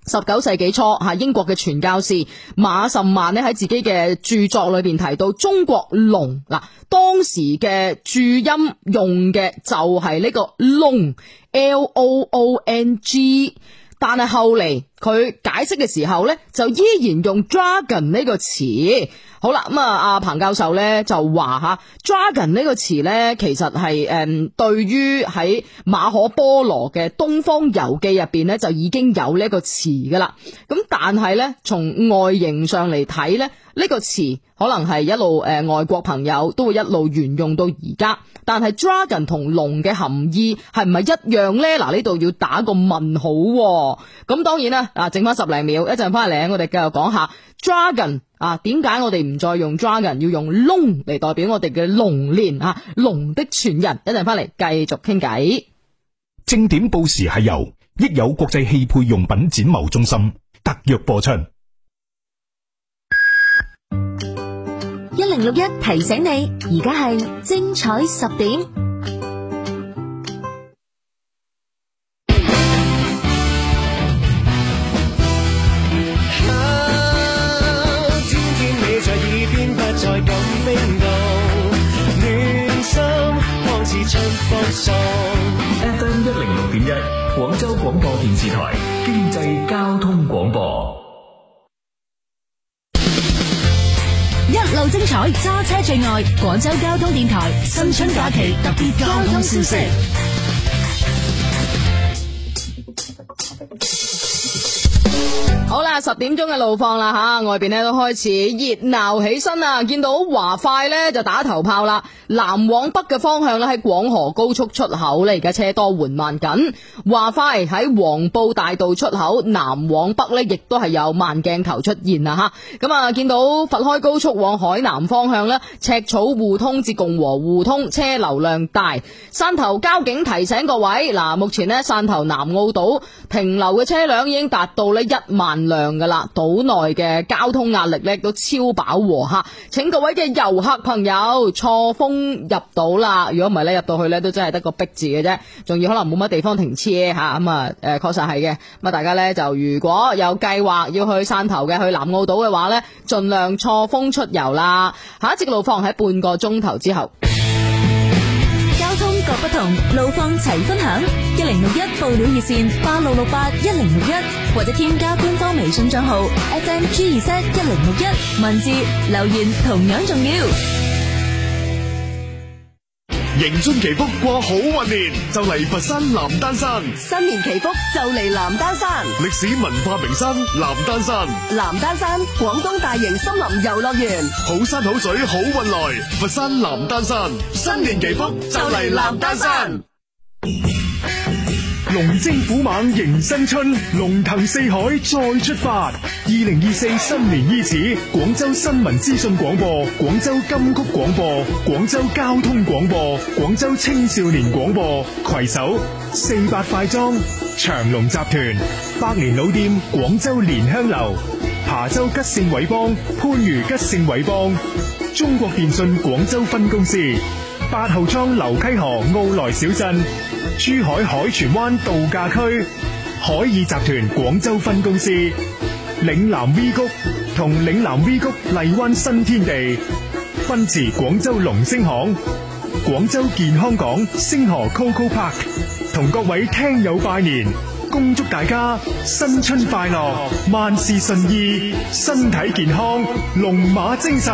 十九世紀初吓英國嘅傳教士馬什曼咧喺自己嘅著作裏邊提到中國龍嗱，當時嘅注音用嘅就係呢個龍 l o o n g，但係後嚟。佢解釋嘅時候呢，就依然用 dragon 呢個詞好。好啦，咁啊，阿彭教授呢就話吓 dragon 呢個詞呢，其實係誒、嗯、對於喺馬可波羅嘅《東方遊記》入邊呢，就已經有呢一個詞噶啦。咁但係呢，從外形上嚟睇呢，呢、呢個詞可能係一路誒、呃、外國朋友都會一路沿用到而家。但係 dragon 同龍嘅含義係唔係一樣呢？嗱，呢度要打個問號喎、哦。咁當然啦。啊！剩翻十零秒，一陣翻嚟，我哋繼續講下 dragon 啊！點解我哋唔再用 dragon，要用龍嚟代表我哋嘅龍年啊？龍的傳人，一陣翻嚟繼續傾偈。正點報時係由益友國際汽配用品展貿中心特約播出。一零六一提醒你，而家係精彩十點。FM 一零六點一，廣州廣播電視台經濟交通廣播，一路精彩，揸車最愛，廣州交通電台新春假期特別交通消息。 好啦，十點鐘嘅路況啦吓，外邊咧都開始熱鬧起身啦。見到華快咧就打頭炮啦，南往北嘅方向咧喺廣河高速出口咧，而家車多緩慢緊。華快喺黃埔大道出口南往北咧，亦都係有慢鏡頭出現啦吓。咁啊，見到佛開高速往海南方向咧，赤草互通至共和互通車流量大。汕頭交警提醒各位，嗱，目前咧汕頭南澳島停留嘅車輛已經達到咧一一萬輛噶啦，島內嘅交通壓力咧都超飽和吓，請各位嘅遊客朋友錯峰入島啦，如果唔係咧入到去咧都真係得個逼字嘅啫，仲要可能冇乜地方停車吓咁啊，誒、嗯、確實係嘅，咁、嗯、啊大家咧就如果有計劃要去汕頭嘅，去南澳島嘅話咧，盡量錯峰出遊啦，下一節嘅路況喺半個鐘頭之後。 不同路況齊分享，一零六一報料熱線八六六八一零六一，8 8, 61, 或者添加官方微信賬號 FMG 二七一零六一，61, 文字留言同樣重要。迎春祈福過好運年，就嚟佛山南丹山。新年祈福就嚟南丹山，歷史文化名山南丹山，南丹山廣東大型森林遊樂園，好山好水好運來，佛山南丹山，新年祈福就嚟南丹山。龍精虎猛,猛迎新春，龍騰四海再出發。二零二四新年伊始，廣州新聞資訊廣播、廣州金曲廣播、廣州交通廣播、廣州青少年廣播携手四百塊莊、長隆集團、百年老店廣州蓮香樓、琶洲吉盛偉邦、番禺吉盛偉邦、中國電信廣州分公司。八號倉流溪河奧萊小鎮、珠海海泉灣度假區、海爾集團廣州分公司、嶺南 V 谷同嶺南 V 谷荔灣新天地、奔馳廣州龍星行、廣州健康港星河 Coco Park，同各位聽友拜年，恭祝大家新春快樂，萬事順意，身體健康，龍馬精神。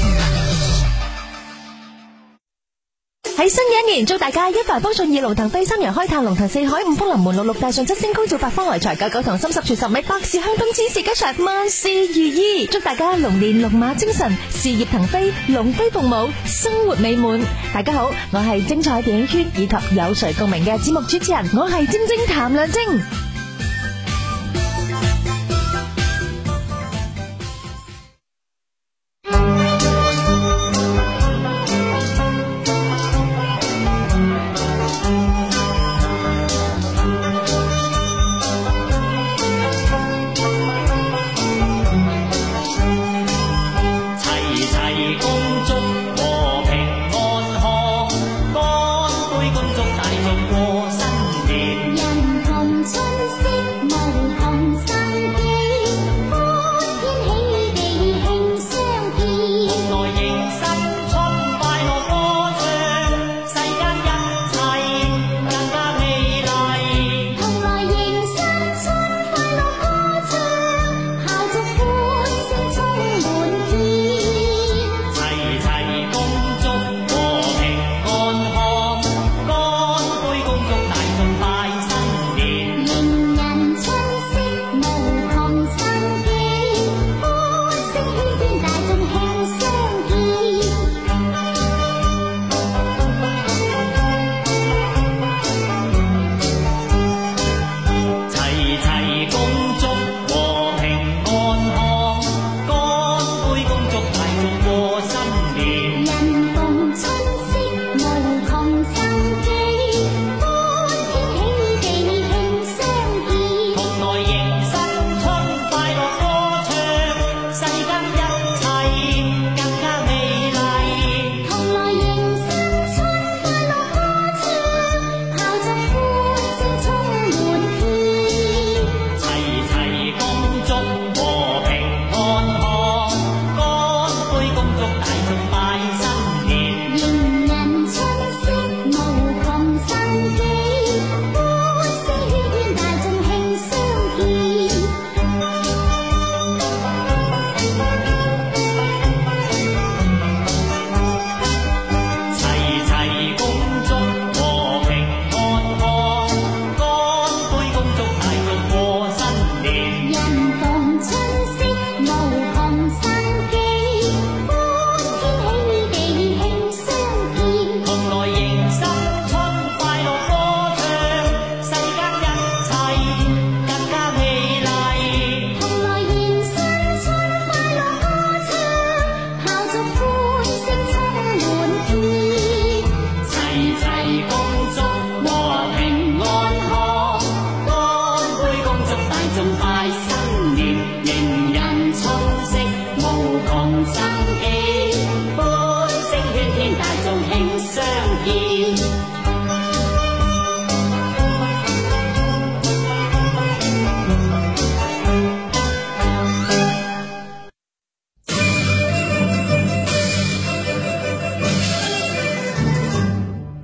喺新嘅一年，祝大家一帆風順，二龍騰飛，三陽開泰，龍騰四海，五福臨門，六六大順，七星高照，八方來財，九九同心，十全十美，百事亨通，千事吉祥，萬事如意。祝大家龍年龍馬精神，事業騰飛，龍飛鳳舞，生活美滿。大家好，我係精彩電影圈以及有誰共鳴嘅節目主持人，我係晶晶譚亮晶。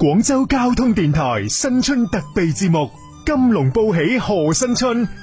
廣州交通電台新春特備節目《金龍報喜賀新春》。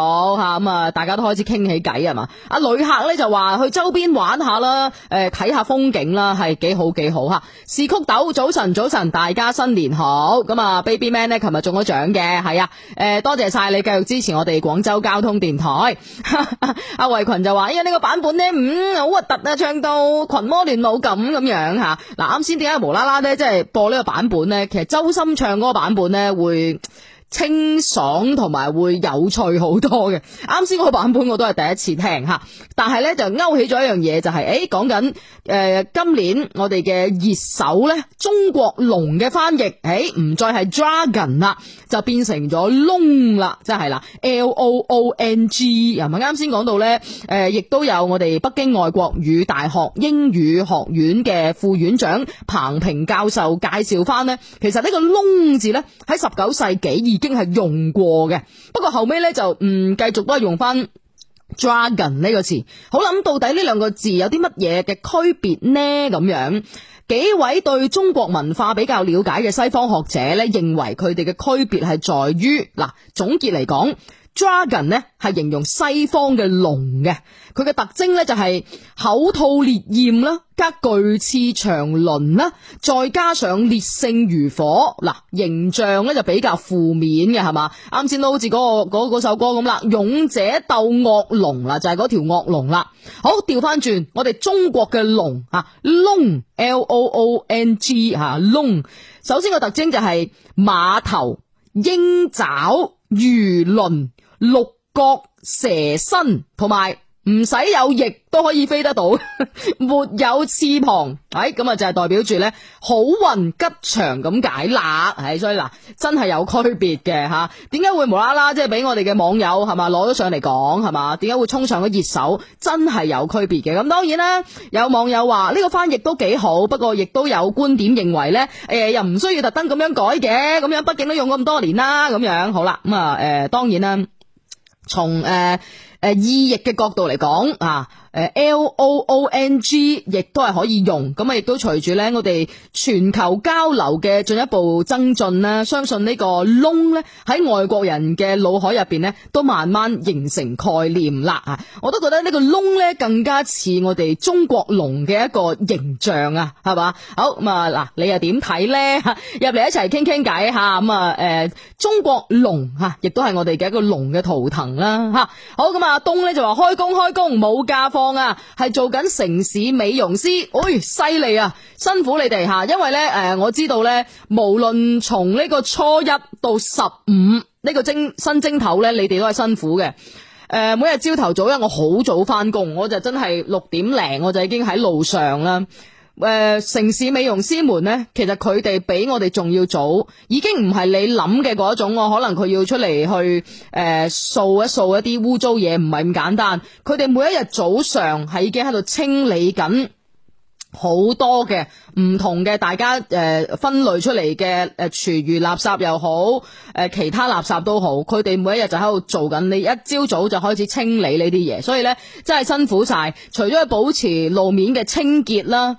好吓咁啊！大家都開始傾起偈吖嘛，阿旅客咧就話去周邊玩下啦，誒睇下風景啦，係幾好幾好吓。視曲豆早晨早晨，大家新年好咁啊！Baby Man 呢，琴日中咗獎嘅係啊，誒多謝晒你繼續支持我哋廣州交通電台。阿慧群就話：，哎呀呢個版本呢，嗯好核突啊，唱到群魔亂舞咁咁樣吓。嗱，啱先點解無啦啦呢？即係播呢個版本呢，其實周深唱嗰個版本呢，會。清爽同埋會有趣好多嘅。啱先嗰個版本我都係第一次聽吓，但係咧就勾起咗一樣嘢，就是，就係誒講緊誒今年我哋嘅熱搜咧，中國龍嘅翻譯誒唔再係 dragon 啦，就變成咗 long 啦，即係啦，l o o n g。係咪啱先講到咧，誒亦都有我哋北京外國語大學英語學院嘅副院長彭平教授介紹翻咧，其實，這個，呢個龍字咧喺十九世紀。經係用過嘅，不過後尾咧就唔、嗯、繼續都係用翻 dragon 呢個詞。好諗到底呢兩個字有啲乜嘢嘅區別呢？咁樣幾位對中國文化比較了解嘅西方學者咧，認為佢哋嘅區別係在於嗱，總結嚟講。dragon 咧係形容西方嘅龍嘅，佢嘅特徵呢，就係口吐烈焰啦，加巨翅長鱗啦，再加上烈性如火，嗱，形象呢，就比較負面嘅係嘛？啱先都好似嗰、嗰個首歌咁啦，勇者鬥惡龍啦，就係嗰條惡龍啦。好，調返轉，我哋中國嘅龍啊，long l o o n g 吓 long 首先個特徵就係馬頭、鷹爪、魚鱗。六角蛇身同埋唔使有翼都可以飛得到， 沒有翅膀，喺咁啊就係代表住咧好運吉祥咁解辣。誒所以嗱真係有區別嘅吓，點、啊、解會無啦啦即係俾我哋嘅網友係嘛攞咗上嚟講係嘛，點解會衝上個熱搜，真係有區別嘅。咁當然啦，有網友話呢個翻譯都幾好，不過亦都有觀點認為呢，誒、呃、又唔需要特登咁樣改嘅，咁樣畢竟都用咁多年啦，咁樣好啦，咁啊誒當然啦。從誒誒、呃呃、意義嘅角度嚟講啊。誒，L O O N G 亦都係可以用，咁啊，亦都隨住咧我哋全球交流嘅進一步增進啦，相信呢個窿咧喺外國人嘅腦海入邊咧都慢慢形成概念啦。吓，我都覺得呢個窿咧更加似我哋中國龍嘅一個形象啊，係嘛？好咁啊，嗱，你又點睇咧？入嚟一齊傾傾偈吓，咁啊，誒，中國龍吓，亦都係我哋嘅一個龍嘅圖騰啦。吓，好咁啊，阿東咧就話開工開工，冇假放。當啊，係做緊城市美容師，哎，犀利啊，辛苦你哋吓，因為呢，誒，我知道呢，無論從呢個初一到十五呢，呢個正新正頭呢，你哋都係辛苦嘅。誒、呃，每日朝頭早因為我好早翻工，我就真係六點零我就已經喺路上啦。誒、呃，城市美容師們呢，其實佢哋比我哋仲要早，已經唔係你諗嘅嗰種。我可能佢要出嚟去誒掃、呃、一掃一啲污糟嘢，唔係咁簡單。佢哋每一日早上係已經喺度清理緊好多嘅唔同嘅，大家誒、呃、分類出嚟嘅誒廚餘垃圾又好，誒、呃、其他垃圾都好，佢哋每一日就喺度做緊。你一朝早就開始清理呢啲嘢，所以呢，真係辛苦晒。除咗去保持路面嘅清潔啦。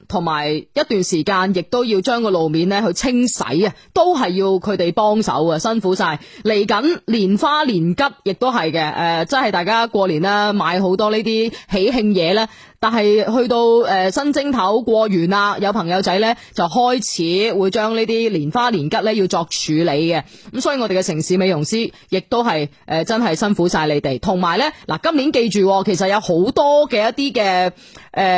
同埋一段時間，亦都要將個路面咧去清洗啊，都係要佢哋幫手啊，辛苦晒。嚟緊蓮花年桔亦都係嘅，誒、呃，真係大家過年啦買好多呢啲喜慶嘢咧，但係去到誒、呃、新正頭過完啦，有朋友仔咧就開始會將呢啲蓮花年桔咧要作處理嘅。咁所以我哋嘅城市美容師亦都係誒真係辛苦晒你哋。同埋咧，嗱、呃、今年記住，其實有好多嘅一啲嘅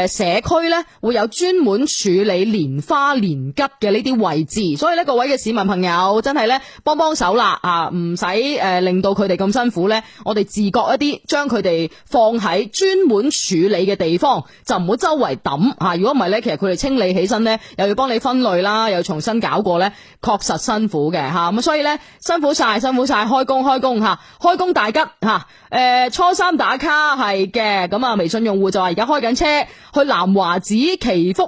誒社區咧會有專滿處理蓮花年桔嘅呢啲位置，所以呢各位嘅市民朋友，真係呢幫幫手啦啊，唔使誒令到佢哋咁辛苦呢，我哋自覺一啲，將佢哋放喺專門處理嘅地方，就唔好周圍抌啊！如果唔係呢，其實佢哋清理起身呢，又要幫你分類啦，又要重新搞過呢，確實辛苦嘅吓。咁所以呢，辛苦晒，辛苦晒，開工開工吓，開工大吉吓。誒，初三打卡係嘅，咁啊，微信用戶就話而家開緊車去南華寺祈福。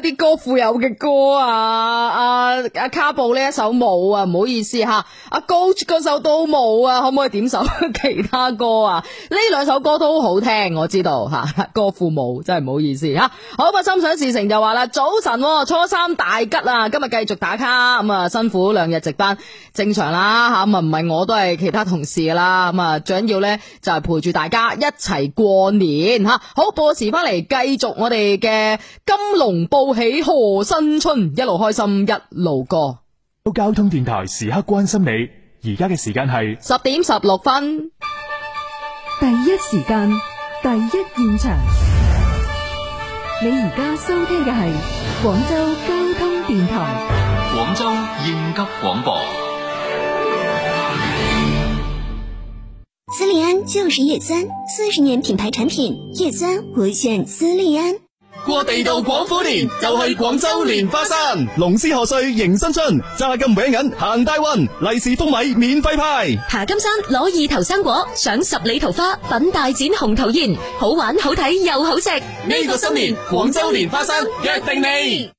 啲歌富有嘅歌啊，阿、啊、阿卡布呢一首冇啊，唔好意思吓、啊，阿、啊、高嗰首都冇啊，可唔可以點首其他歌啊？呢兩首歌都好聽，我知道吓、啊，歌富冇真係唔好意思吓、啊。好啊，心想事成就話啦，早晨、哦、初三大吉啊，今日繼續打卡，咁、嗯、啊辛苦兩日值班正常啦吓，咁啊唔係、嗯、我都係其他同事啦，咁啊最緊要咧就係、是、陪住大家一齊過年吓、啊。好，播時翻嚟，繼續我哋嘅金龍報。喜賀新春，一路開心一路過。到交通電台時刻關心你。而家嘅時間係十點十六分，第一時間，第一現場。你而家收聽嘅係廣州交通電台，廣州應急廣播。斯利 安就是葉酸，四十年品牌產品，葉酸我選斯利安。過地道廣府年，就係廣州蓮花山，龍獅賀歲迎新春，揸金餅銀行大運，利是封米免費派，爬金山攞意頭生果，賞十里桃花品大展紅桃宴，好玩好睇又好食，呢個新年廣州蓮花山約定你。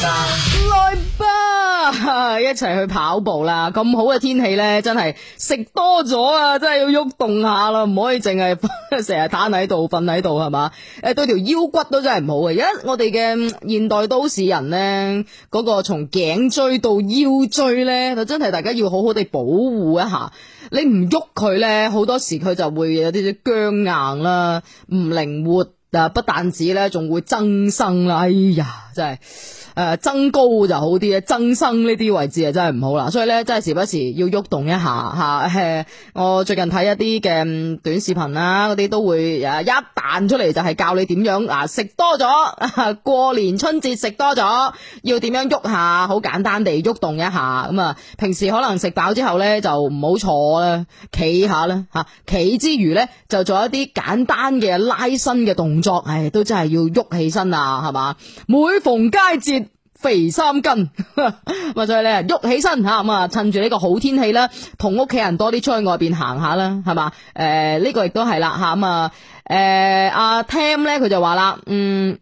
來吧，一齊去跑步啦！咁好嘅天氣呢，真係食多咗啊，真係要喐動，動下啦，唔可以淨係成日癱喺度，瞓喺度係嘛？誒，對、呃、條腰骨都真係唔好嘅。而家我哋嘅現代都市人呢，嗰、嗰個從頸椎到腰椎呢，就真係大家要好好地保護一下。你唔喐佢呢，好多時佢就會有啲啲僵硬啦，唔靈活啊！不但止呢，仲會增生啦。哎呀，真係～誒、呃、增高就好啲嘅，增生呢啲位置啊，真係唔好啦。所以咧，真係時不時要喐動一下吓、啊啊，我最近睇一啲嘅、嗯、短視頻啊，啲都會誒、啊、一彈出嚟就係教你點樣啊，食多咗、啊、過年春節食多咗，要點樣喐下，好簡單地喐動一下。咁啊，平時可能食飽之後咧，就唔好坐啦，企下啦吓。企之餘咧，就做一啲簡單嘅拉伸嘅動作。誒、哎，都真係要喐起身啊，係嘛？每逢佳節。肥三斤， 咁啊再你喐起身吓，咁啊趁住呢個好天氣啦，同屋企人多啲出去外邊行下啦，係嘛？誒、呃這個啊啊啊，呢個亦都係啦吓，咁啊誒阿 Tim 咧，佢就話啦，嗯，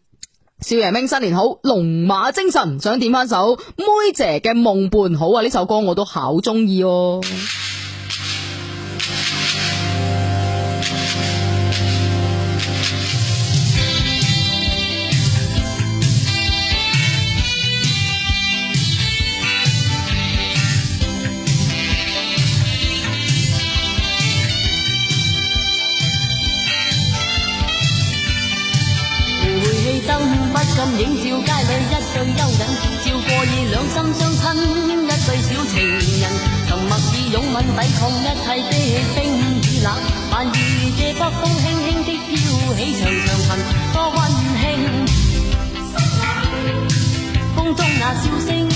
少爺明新年好，龍馬精神，想點翻首妹姐嘅夢伴好啊？呢首歌我都好中意哦。最幽隱，照過夜兩心相親。一對小情人，曾默然擁吻抵抗一切的冰與冷。萬語借北風輕輕的飄起長長裙，多溫馨，情風中那、啊、笑聲。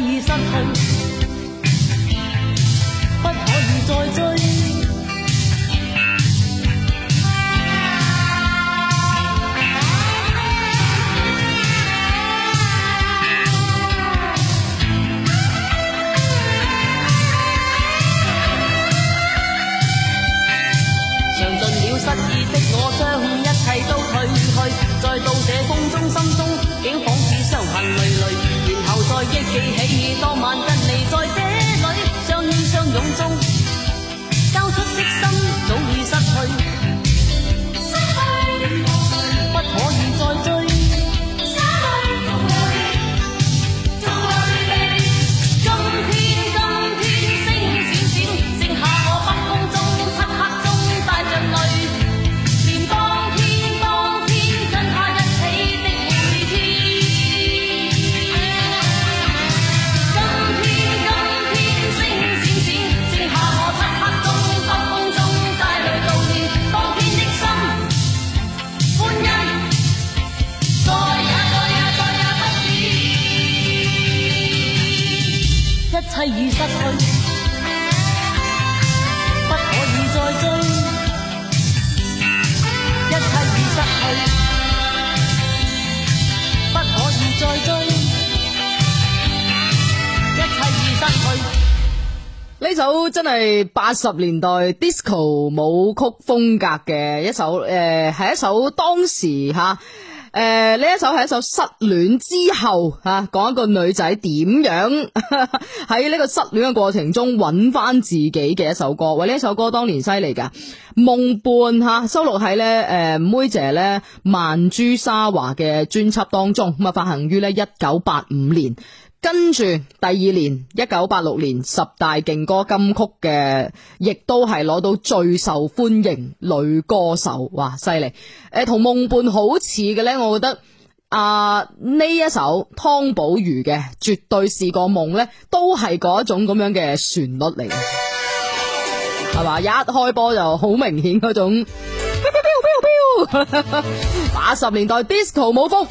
已失去，不可以再追。 呢首真係八十年代 disco 舞曲風格嘅一首，誒、呃、係一首當時吓，誒呢一首係一首失戀之後吓，講、啊、一個女仔點樣喺呢個失戀嘅過程中揾翻自己嘅一首歌。喂呢一首歌當年犀利噶，《夢伴》吓、啊、收錄喺咧誒，梅姐咧曼珠沙華嘅專輯當中，咁啊發行於咧一九八五年。跟住第二年，一九八六年十大勁歌金曲嘅，亦都係攞到最受歡迎女歌手，哇，犀利！誒、呃，同夢伴好似嘅呢，我覺得啊呢、呃、一首湯寶如嘅，絕對是個夢呢都係嗰一種咁樣嘅旋律嚟，係嘛？ 一開波就好明顯嗰種，八 十年代 disco 舞風。